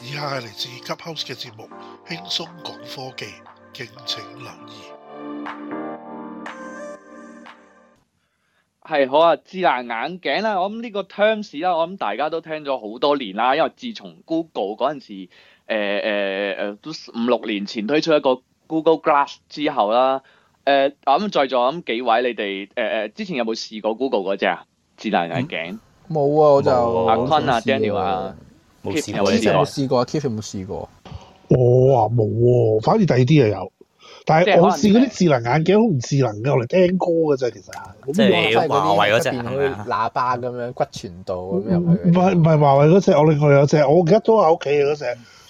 以下係嚟自急 house 嘅節目，輕鬆講科技，敬請留意。係好啊智能眼鏡啦，我諗呢個 terms 啦，我諗大家都聽咗好多年啦，因為自從 Google 嗰陣時，誒誒誒，都五六年前推出一個 Google Glass 之後啦，誒、呃，我諗在座咁幾位你，你哋誒誒，之前有冇試過 Google 嗰隻啊？智能眼鏡？冇、嗯、啊，我就阿坤啊，啊，啊，Daniel 啊。之前、 哦、我試過，Kip 佢冇試過。我啊冇喎，反而第二啲又有。但係我試嗰啲智能眼鏡好唔智能嘅，我嚟聽歌嘅啫。其實即係華為嗰隻，係咪喇叭咁、嗯、樣骨傳導咁入去。唔係唔係華為嗰隻，我另外有隻，我而家都喺屋企嗰隻。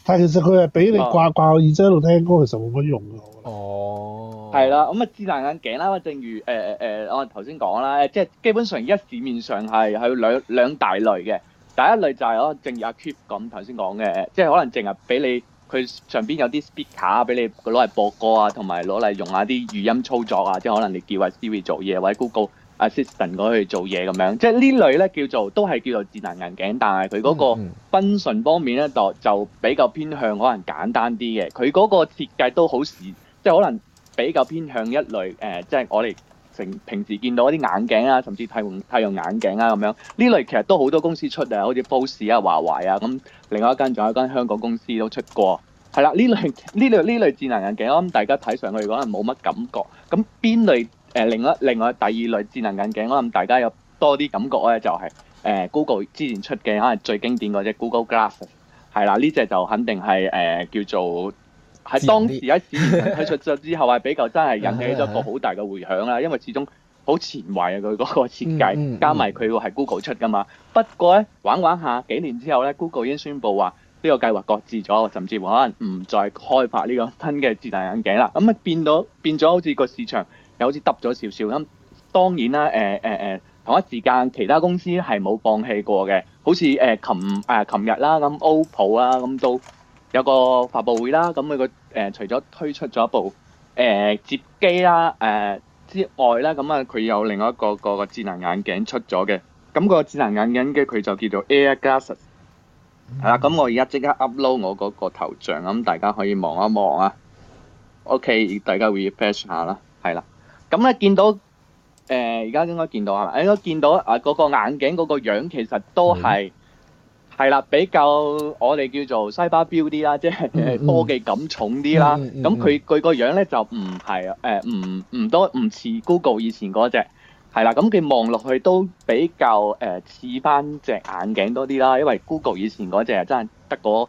但係其實佢係俾你掛掛耳仔喺度聽歌，其實冇乜用嘅。哦。係啦，咁啊智能眼鏡啦，正如誒誒、呃呃呃、我頭先講啦，即係基本上而家市面上係有兩兩大類嘅。第一類就係、是、可能淨係 a e u a 咁頭先講嘅，即係可能淨係俾你佢上邊有啲 speech 卡俾你佢攞嚟播歌啊，同埋攞嚟用下啲語音操作啊，即係可能你叫阿 Siri 做嘢，或者 Google Assistant 去做嘢咁樣。即係呢類咧叫做都係叫做智能眼鏡，但係佢嗰個 f u 方面咧就就比較偏向可能簡單啲嘅。佢嗰個設計都好時，即係可能比較偏向一類誒、呃，即係我哋。平時見到一啲眼鏡啊，甚至太陽太陽眼鏡啊咁樣，呢類其實都好多公司出啊，好似 Bose 啊、華為啊咁，另外一間仲有一間香港公司都出過，係啦，呢類呢類呢類智能眼鏡，我諗大家睇上去可能冇乜感覺，咁邊類誒另外另外第二類智能眼鏡，我諗大家有多啲感覺咧、就係，就係誒 Google 之前出嘅可能最經典嗰隻 Google Glass，係啦，呢隻就肯定係誒、呃、叫做。係當時喺市面推出咗之後，係比較真係引起咗一個好大嘅迴響啦。因為始終好前衞啊，佢嗰個設計，加埋佢會係 Google 出㗎嘛。不過咧玩玩下，幾年之後咧，Google 已經宣布話呢個計劃擱置咗，甚至乎可能唔再開發呢個新嘅智能眼鏡啦。咁啊變到變咗，好似個市場又好似耷咗少少咁。當然啦，誒誒誒同一時間，其他公司係冇放棄過嘅，好似誒琴誒琴日啦咁，OPPO 啊咁都。有個發布會啦，咁佢個誒除咗推出咗一部誒折機啦誒之外咧，咁啊佢有另外一個個智能眼鏡出咗嘅，咁個智能眼鏡嘅佢就叫做 Air Glass，係啦，咁我而家即刻 upload 我嗰個頭像，咁大家可以望一望啊，OK，大家 refresh 下啦，係啦，咁咧見到誒而家應該見到係咪？應該見到啊嗰個眼鏡嗰個樣其實都係。係啦，比較我哋叫做西巴標啲啦，即係科技感重啲啦。咁佢佢個樣咧就唔係啊，唔唔多唔似 Google 以前嗰隻，係啦。咁佢望落去都比較誒似翻隻眼鏡多啲啦，因為 Google 以前嗰隻真係得個誒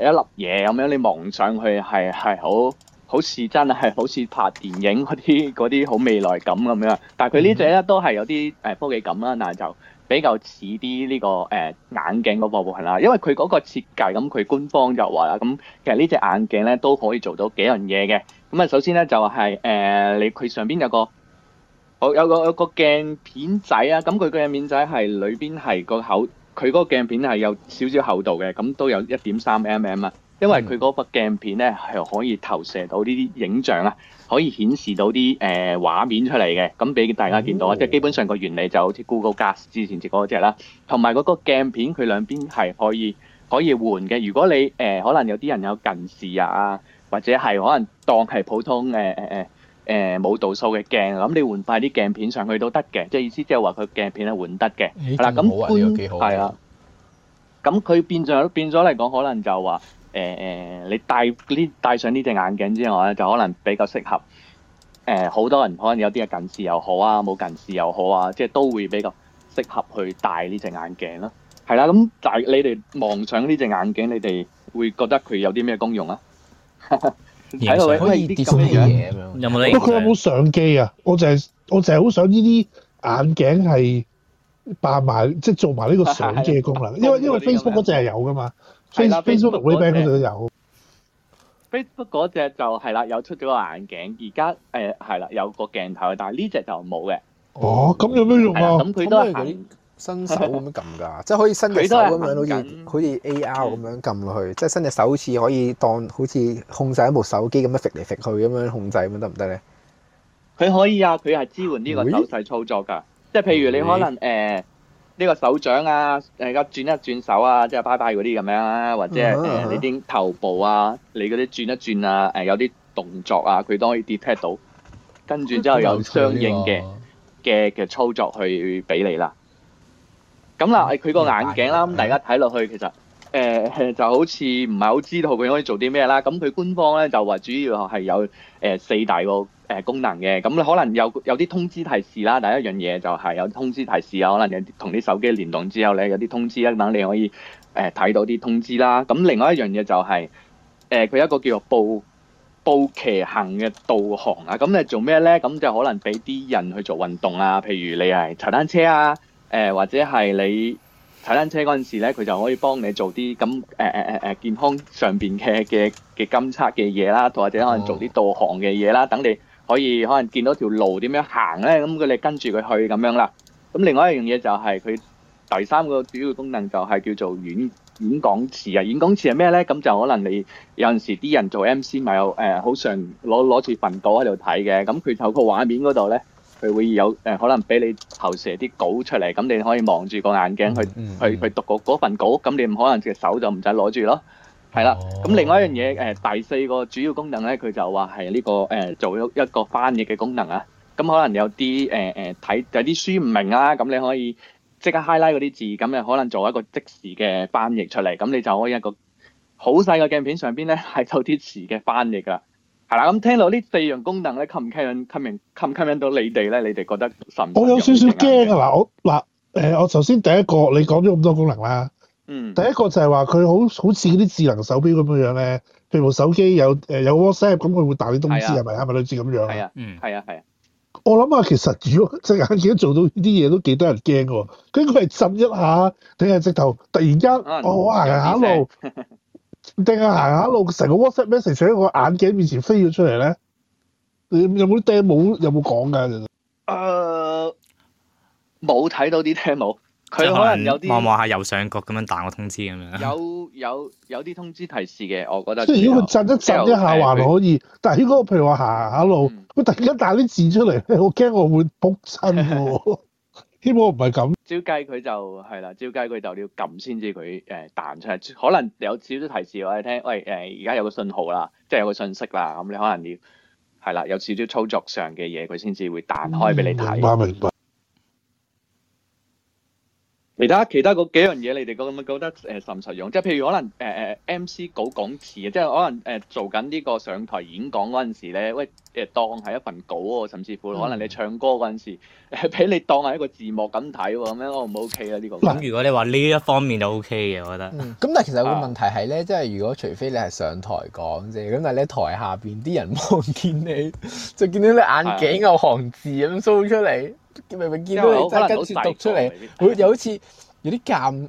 一粒嘢咁樣，你望上去係係好好似真係好似拍電影嗰啲嗰啲好未來感咁樣。但係佢呢隻咧都係有啲誒科技感啦，但係就。比較似啲呢個誒、呃、眼鏡個部分啦，因為佢嗰個設計咁，佢官方就話啦，咁、嗯、其實呢隻眼鏡咧都可以做到幾樣嘢嘅。咁、嗯、啊，首先咧就係、是、誒、呃、你佢上邊有個有個有個鏡片仔啊，咁、嗯、佢個鏡片仔係裏邊係個厚，佢嗰個鏡片係有少少厚度嘅，咁、嗯、都有一點三 mm 啊。因為佢嗰個鏡片咧係可以投射到呢啲影像啊，可以顯示到啲誒、呃、畫面出嚟嘅，咁俾大家見到，啊、哦，即係基本上個原理就好似 Google Glass 之前接嗰隻啦。同埋嗰個鏡片佢兩邊係可以可以換嘅。如果你誒、呃、可能有啲人有近視啊，或者係可能當係普通誒誒誒誒冇度數嘅鏡，咁你換快啲鏡片上去都得嘅。即係意思即係話佢鏡片係換得嘅。嗱咁咦，係啦，咁佢變咗變咗嚟講，可能就話。誒誒，你戴呢戴上呢隻眼鏡之外咧，就可能比較適合誒，好多人可能有啲啊近視又好啊，冇近視又好啊，即係都會比較適合去戴呢隻眼鏡咯。係啦，咁但係你哋望上呢隻眼鏡，你哋會覺得佢有啲咩功用啊？其實可以啲咁多嘢，咁樣，有冇不過佢有冇相機啊？我淨係我淨係好想呢啲眼鏡係扮埋即係做埋呢個相機嘅功能，因為因為 Facebook 嗰隻係有噶嘛。係啦，Facebook 嗰隻都有。Facebook 嗰隻就係啦，有出咗個眼鏡，而家誒係啦，有個鏡頭，但係呢隻就冇嘅。哦，咁有咩用啊？咁佢都係佢伸手咁樣撳噶，的即係可以伸隻手咁樣，好似好似 AR 咁樣撳落去，的即係伸隻手似可以當好似控制一部手機咁樣搣嚟搣去咁樣控制咁得唔得咧？佢可以啊，佢係支援呢個手勢操作噶，哎、即係譬如你可能誒。呃呢個手掌啊，誒而家轉一轉手啊，即係拜拜嗰啲咁樣，啊，或者誒、呃、你啲頭部啊，你嗰啲轉一轉啊，誒、呃、有啲動作啊，佢都可以 detect 到，跟住之後有相應嘅嘅嘅操作去俾你，啊、啦。咁嗱，佢個眼鏡啦，咁大家睇落去其實。誒、呃、就好似唔係好知道佢可以做啲咩啦，咁佢官方咧就話主要係有誒、呃、四大個誒、呃、功能嘅，咁咧可能有有啲通知提示啦，第一樣嘢就係有通知提示啊，可能有同啲手機連動之後咧有啲通知啊，等你可以誒睇、呃、到啲通知啦。咁另外一樣嘢就係誒佢有一個叫做步行騎行嘅導航啊，咁你做咩咧？咁就可能俾啲人去做運動啊，譬如你係踩單車啊，誒、呃、或者係你。踩單車嗰陣時咧，佢就可以幫你做啲咁誒誒誒誒健康上邊嘅嘅嘅監測嘅嘢啦，或者可能做啲導航嘅嘢啦，等你可以可能見到條路點樣行咧，咁、嗯、佢你跟住佢去咁樣啦。咁、嗯、另外一樣嘢就係、是、佢第三個主要功能就係叫做演演講詞啊。演講詞係咩咧？咁、嗯、就可能你有陣時啲人做 MC 咪有誒，好常攞攞住份稿喺度睇嘅。咁佢透過畫面嗰度咧。佢會有誒、呃，可能俾你投射啲稿出嚟，咁你可以望住個眼鏡去 去去，去讀嗰份稿，咁你唔可能隻手就唔使攞住咯，係啦。咁另外一樣嘢誒，第四個主要功能咧，佢就話係呢個誒、呃、做一個翻譯嘅功能啊。咁可能有啲誒誒睇有啲書唔明啊，咁你可以即刻 highlight 嗰啲字，咁你可能做一個即時嘅翻譯出嚟，咁你就可以一個好細個鏡片上邊咧睇到啲詞嘅翻譯啦。係啦，咁聽到呢四樣功能咧吸唔吸引，吸引吸唔吸引到你哋咧？你哋覺得甚？我有少少驚啊！嗱，我嗱誒，我首先、呃、第一個，你講咗咁多功能啦，嗯，第一個就係話佢好好似嗰啲智能手錶咁樣樣咧，譬如部手機有誒、呃、有 WhatsApp，咁佢會打啲通知係咪啊？咪類似咁樣啊？係啊，嗯，係啊，係啊。我諗啊，其實如果隻眼鏡做到呢啲嘢都幾多人驚嘅喎，應該係震一下定係直頭，突然間我行下路。定係行下路，成個 WhatsApp message 喺個眼鏡面前飛咗出嚟咧？你有冇 demo？有冇講噶？誒，冇睇到啲 demo 冇？佢可能有啲望望下右上角咁樣彈個通知咁樣有。有有有啲通知提示嘅，我覺得即係如果佢震一震一下還、呃、可以，但係如果譬如話行下路，佢、嗯、突然間彈啲字出嚟咧，我驚我會撲親。 希望唔係咁，照計佢就係啦，照計佢就要撳先至佢誒彈出，可能有少少提示我你聽，喂誒而家有個信號啦，即係有個信息啦，咁你可能要係啦，有少少操作上嘅嘢佢先至會彈開俾你睇。其他其他嗰幾樣嘢，你哋覺得、嗯、覺得誒實唔實用？即係譬如可能誒誒、呃、MC 稿講詞，即係可能誒、呃、做緊呢個上台演講嗰陣時咧，喂誒當係一份稿喎，甚至乎可能你唱歌嗰陣時，俾、呃、你當係一個字幕咁睇喎，咁樣我唔 O K 啊？呢、呢個咁如果你話呢一方面就 O K 嘅，我覺得。咁、嗯、但係其實個問題係咧，啊、即係如果除非你係上台講啫，咁但係咧台下邊啲人望見你， 就見到你眼鏡有行字咁 show 出嚟。嗯嗯嗯。明明見到你真係跟住讀出嚟，會有好似有啲尷，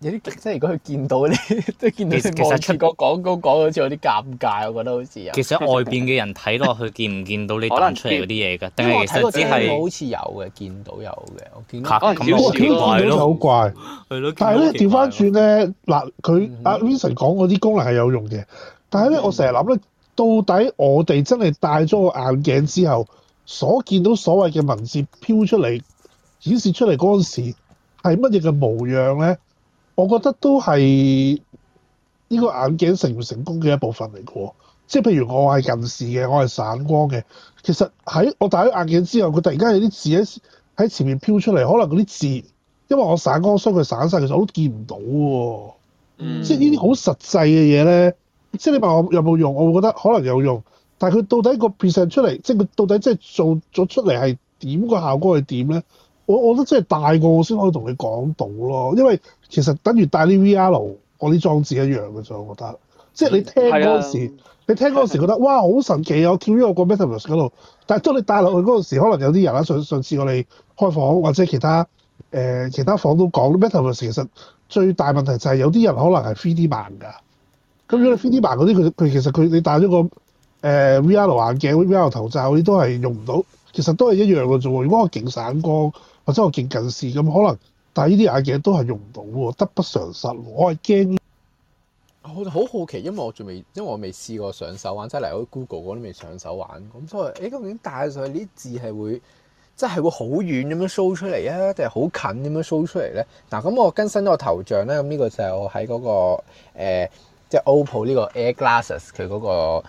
有啲即係如果佢見到咧，即係見到你外邊個廣告講，好似有啲尷尬，我覺得好似有，其實外邊嘅人睇落去，見唔見到你彈出嚟嗰啲嘢㗎？定係只係好似有嘅，見到有嘅。我見咁少見到咁就好怪，係咯。但係咧調翻轉咧，嗱佢阿 Vincent 講嗰啲功能係有用嘅。但係咧，我成日諗咧，到底我哋真係戴咗個眼鏡之後，所見到所謂嘅文字飄出嚟，顯示出嚟嗰陣時係乜嘢嘅模樣咧？我覺得都係呢個眼鏡成唔成功嘅一部分嚟嘅喎。即係譬如我係近視嘅，我係散光嘅。其實喺我戴咗眼鏡之後，佢突然間有啲字喺喺前面飄出嚟，可能嗰啲字因為我散光，所以佢散晒，其實我都見唔到喎。Mm-hmm。即係呢啲好實際嘅嘢咧。即係你問我有冇用，我會覺得可能有用。但係佢到底、個變成出嚟，即係佢到底即係做咗出嚟係點個效果係點咧？我我覺得即係大個我先可以同你講到咯，因為其實等於戴啲 VR 嗰啲裝置一樣嘅啫，我覺得。即係你聽嗰時，啊、你聽嗰時覺得、啊、哇好神奇啊！我跳咗個 Metaverse 嗰度，但係當你戴落去嗰陣時，可能有啲人啦，上上次我哋開房或者其他誒、呃、其他房都講 Metaverse 其實最大問題就係有啲人可能係 3D 盲㗎。咁如果你 3D 盲嗰啲佢佢其實佢你戴咗個。誒、uh, VR 眼鏡、VR 頭罩嗰啲都係用唔到，其實都係一樣嘅啫。如果我勁散光或者我勁近視咁，可能戴呢啲眼鏡都係用唔到喎，得不償失。我係驚。我就好好奇，因為我仲未，因為我未試過上手玩，即係嚟開 Google 我都未上手玩。咁所以，誒、欸、究竟戴上去啲字係會即係會好遠咁樣 show 出嚟啊，定係好近咁樣 show 出嚟咧？嗱，咁我更新咗個頭像咧，咁呢個就係我喺嗰、那個、欸、即係 Oppo 呢個 Air Glasses 佢嗰、那個。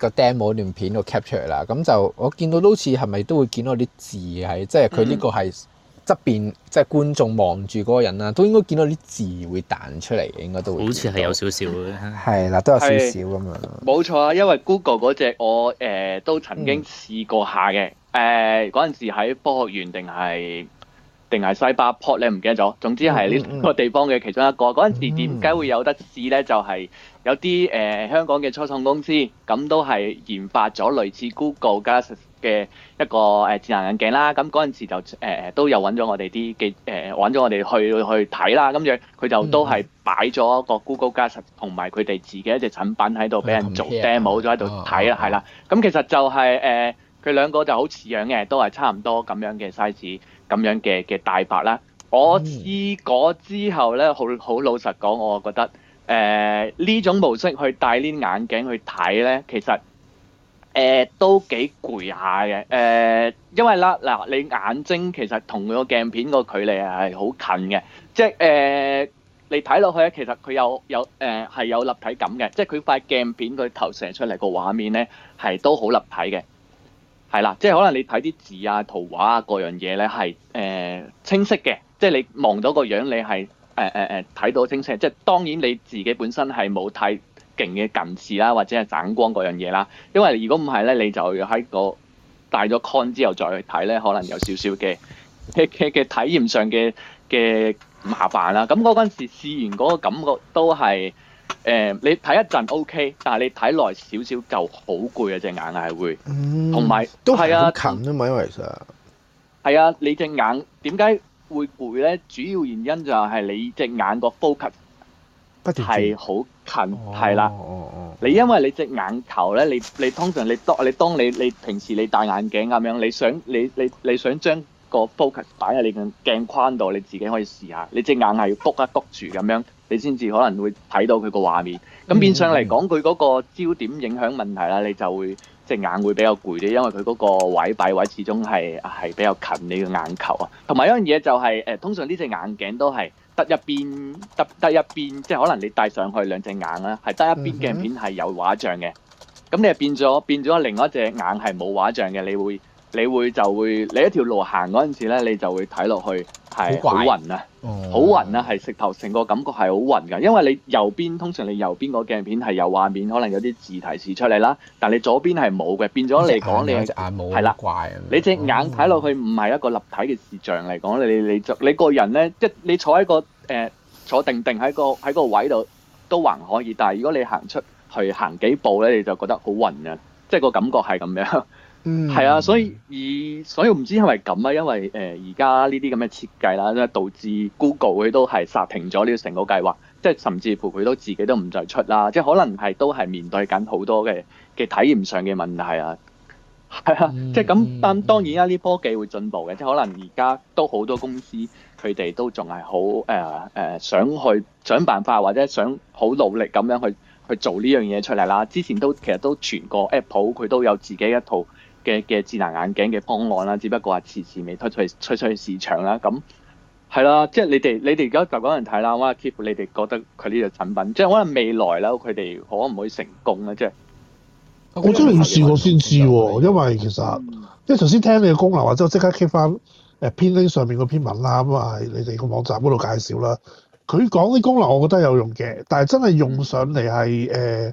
個 demo 段片都 capture 啦，咁就我見到都好似係咪都會見到啲字喺，即係佢呢個係側邊，即係觀眾望住嗰個人啦，都應該見到啲字會彈出嚟，應該都會好似係有少少嘅，係啦，都有少少咁樣。冇錯啊，因為 Google 嗰隻我誒、呃、都曾經試過下嘅，誒嗰陣時喺科學園定係，定係西巴坡你唔記得咗，總之係呢個地方嘅其中一個。嗰陣時點解會有得試呢？就係有啲誒香港嘅初創公司，咁都係研發咗類似 Google Glass 嘅一個誒智能眼鏡啦。咁嗰陣時就誒都有揾咗我哋啲嘅誒揾咗我哋去去睇啦。跟住佢就都係擺咗個 Google Glass 同埋佢哋自己一隻產品喺度俾人做 demo 咗喺度睇啦，係啦。咁其實就係誒。佢兩個就好似樣嘅，都係差唔多咁樣嘅 size，咁樣嘅嘅大白啦。我試過之後咧，好好老實講，我覺得誒呢、呃、種模式去戴呢眼鏡去睇咧，其實誒、呃、都幾攰下嘅誒，因為啦嗱、呃，你眼睛其實同佢個鏡片個距離係好近嘅，即係誒、呃、你睇落去咧，其實佢有有誒係、呃、有立體感嘅，即係佢塊鏡片佢投射出嚟個畫面咧係都好立體嘅。係啦，即係可能你睇啲字啊、圖畫啊各樣嘢咧係誒清晰嘅，即係你望到個樣你係誒誒誒睇到清晰。即係當然你自己本身係冇太勁嘅近視啦，或者係散光各樣嘢啦。因為如果唔係咧，你就喺個戴咗 con 之後再去睇咧，可能有少少嘅嘅嘅體驗上嘅嘅麻煩啦。咁嗰陣時試完嗰個感覺都係。誒，你睇一陣 O K，但係你睇耐少少就好攰啊！隻眼係會，同埋都係啊，近啊嘛，因為其實係啊，你隻眼點解會攰咧？主要原因就係你隻眼個 focus 係好近，係啦，哦哦哦。你因為你隻眼球咧，你你通常你當你當你你平時你戴眼鏡咁樣，你想你你你想將個 focus 擺喺你嘅鏡框度，你自己可以試下。你隻眼係要篤一篤住咁樣。你先至可能會睇到佢個畫面，咁變相嚟講，佢嗰個焦點影響問題啦，你就會隻眼會比較攰啲，因為佢嗰個位擺位始終係係比較近你個眼球啊。同埋一樣嘢就係、是、誒，通常呢隻眼鏡都係得一邊得得一,一邊，即係可能你戴上去兩隻眼啦，係得一邊鏡片係有畫像嘅，咁你係變咗變咗，另外一隻眼係冇畫像嘅，你會你會就會你一條路行嗰陣時咧，你就會睇落去。係好暈啊，好暈啊！係乖石頭成個感覺係好暈噶，因為你右邊通常你右邊個鏡片係有畫面，可能有啲字提示出嚟啦，但係你左邊係冇嘅，變咗你講你係隻眼冇係啦。你隻眼睇落，啊、去唔係一個立體嘅視像嚟講，你你你，就你個人咧，即你坐喺個誒、呃、坐定定喺個喺個位度都還可以，但係如果你行出去行幾步咧，你就覺得好暈啊，即係個感覺係咁樣。係、嗯、啊，所以以所以唔知係咪咁啊？因為誒而家呢啲咁嘅設計啦，咧導致 Google 佢都係殺停咗呢個成個計劃，即係甚至乎佢都自己都唔再出啦。即係可能係都係面對緊好多嘅嘅體驗上嘅問題啊。係啊，嗯、即係咁。但當然啦，呢科技會進步嘅，即係可能而家都好多公司佢哋都仲係好誒誒想去想辦法或者想好努力咁樣去去做呢樣嘢出嚟啦。之前都其實都傳過 Apple 佢都有自己一套。嘅嘅智能眼鏡嘅方案啦，只不過係遲遲未推出推出出去市場啦。咁係啦，即係你哋你哋而家就嗰人睇啦。哇啊，keep 你哋覺得佢呢隻產品即係可能未來啦，佢哋可唔可以成功咧？即係我真係要試過先試喎，知因為其實即係頭先聽你嘅功能，或者我即刻 keep 翻誒編拎上面嘅篇文啦。咁啊，係你哋個網站嗰度介紹啦。佢講啲功能我覺得有用嘅，但係真係用上嚟係誒，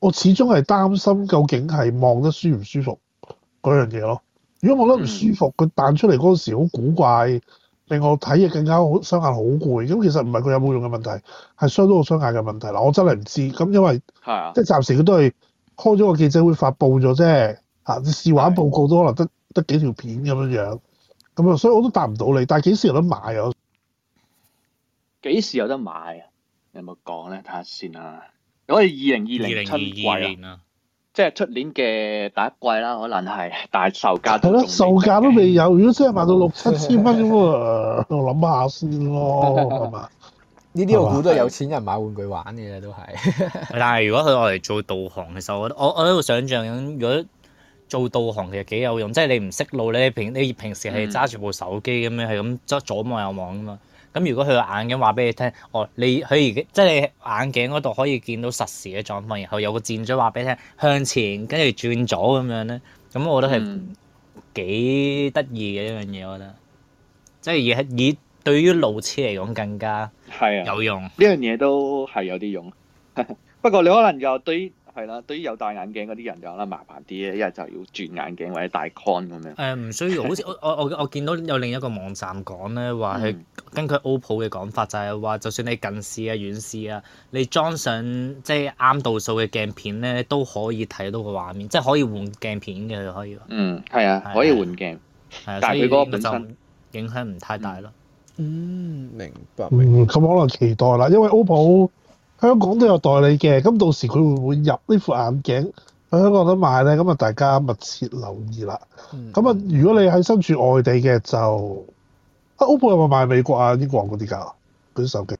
我始終係擔心究竟係望得舒唔舒服？嗰樣嘢咯，如果我覺得唔舒服，佢、嗯、彈出嚟嗰時好古怪，令我睇嘢更加好傷眼，好攰。咁其實唔係佢有冇用嘅問題，係傷到我雙眼嘅問題啦。我真係唔知，咁因為、啊、即係暫時佢都係開咗個記者會發布咗啫。嚇，試玩報告都可能是得得幾條片咁樣樣，咁啊，所以我都答唔到你。但係幾時有得買啊？幾時有得買啊？你有冇講咧？睇下先啊。我哋二零二零零二年啊。即係出年嘅第一季啦，可能係。但係售價？係咯，售價都未有。如果真係賣到六七千蚊咁喎， 我諗下先咯。呢啲 吧我估都係有錢人買玩具玩嘅都係。 但係如果佢攞嚟做導航嘅時候，其實我我我喺度想象緊，如果做導航其實幾有用。即係你唔識路咧，你平你平時係揸住部手機咁、嗯、樣係咁左望右望啊嘛。咁如果佢個眼鏡話俾你聽，哦，你佢而即係你眼鏡嗰度可以見到實時嘅狀況，然後有個箭嘴話俾你聽向前，跟住轉左咁樣咧，咁我覺得係幾得意嘅一樣嘢，嗯、我覺得，即係而以對於路痴嚟講更加係啊有用，呢樣嘢都係有啲用， 不過你可能又對。係啦，對於有戴眼鏡嗰啲人就可能麻煩啲，一係就要轉眼鏡或者戴 con 咁樣。誒唔需要，好似我我我我見到有另一個網站講咧，話佢根據 OPPO 嘅講法就係話，就算你近視啊、遠視啊，你裝上即係啱度數嘅鏡片咧，都可以睇到個畫面，即係可以換鏡片嘅可以。嗯，係啊，可以換鏡。啊，但係佢嗰個本身就影響唔太大咯。嗯，明白，明白。嗯，咁可能期待啦，因為 OPPO。香港都有代理嘅，咁到時佢會唔會入呢副眼鏡喺香港都買咧？咁啊，大家密切留意啦。咁啊、嗯，如果你喺身處外地嘅，就啊，OPPO 有冇賣美國啊、英國嗰啲噶嗰啲手機？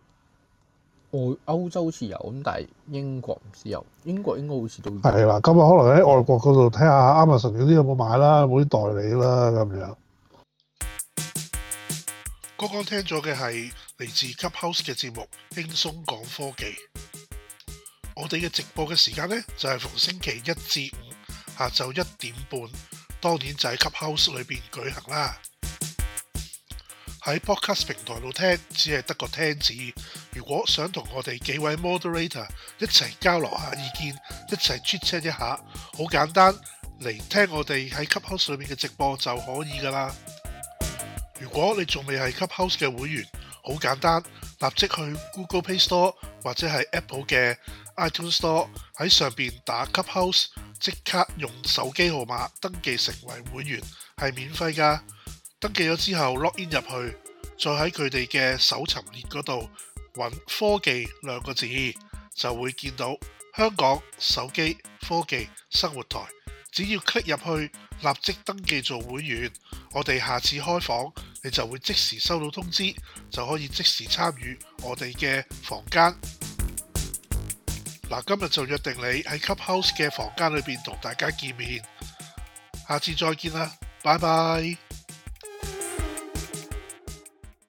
外歐洲好似有，咁但係英國唔知有。英國應該好似都係啦。咁啊，可能喺外國嗰度睇下，Amazon 嗰啲有冇買啦、啊，冇啲代理啦、啊、咁樣。剛剛聽咗嘅係，嚟自 Clubhouse 嘅節目輕鬆講科技，我哋嘅直播嘅時間呢，就係、是、逢星期一至五下晝一點半，當然就喺 Clubhouse 裏邊舉行啦。喺 Podcast 平台度聽只係得個聽字，如果想同我哋幾位 Moderator 一齊交流下意見，一齊 chat 一下，好簡單，嚟聽我哋喺 Clubhouse 裏面嘅直播就可以噶啦。如果你仲未係 Clubhouse 嘅會員，好簡單，立即去 Google Play Store 或者係 Apple 嘅 iTunes Store 喺上邊打 Clubhouse 即刻用手機號碼登記成為會員，係免費㗎。登記咗之後 login 入去，再喺佢哋嘅搜尋列嗰度揾科技兩個字，就會見到香港手機科技生活台。只要 click 入去，立即登記做會員，我哋下次開房，你就會即時收到通知，就可以即時參與我哋嘅房間。嗱，今日就約定你喺 Clubhouse 嘅房間裏邊同大家見面。下次再見啦，拜拜。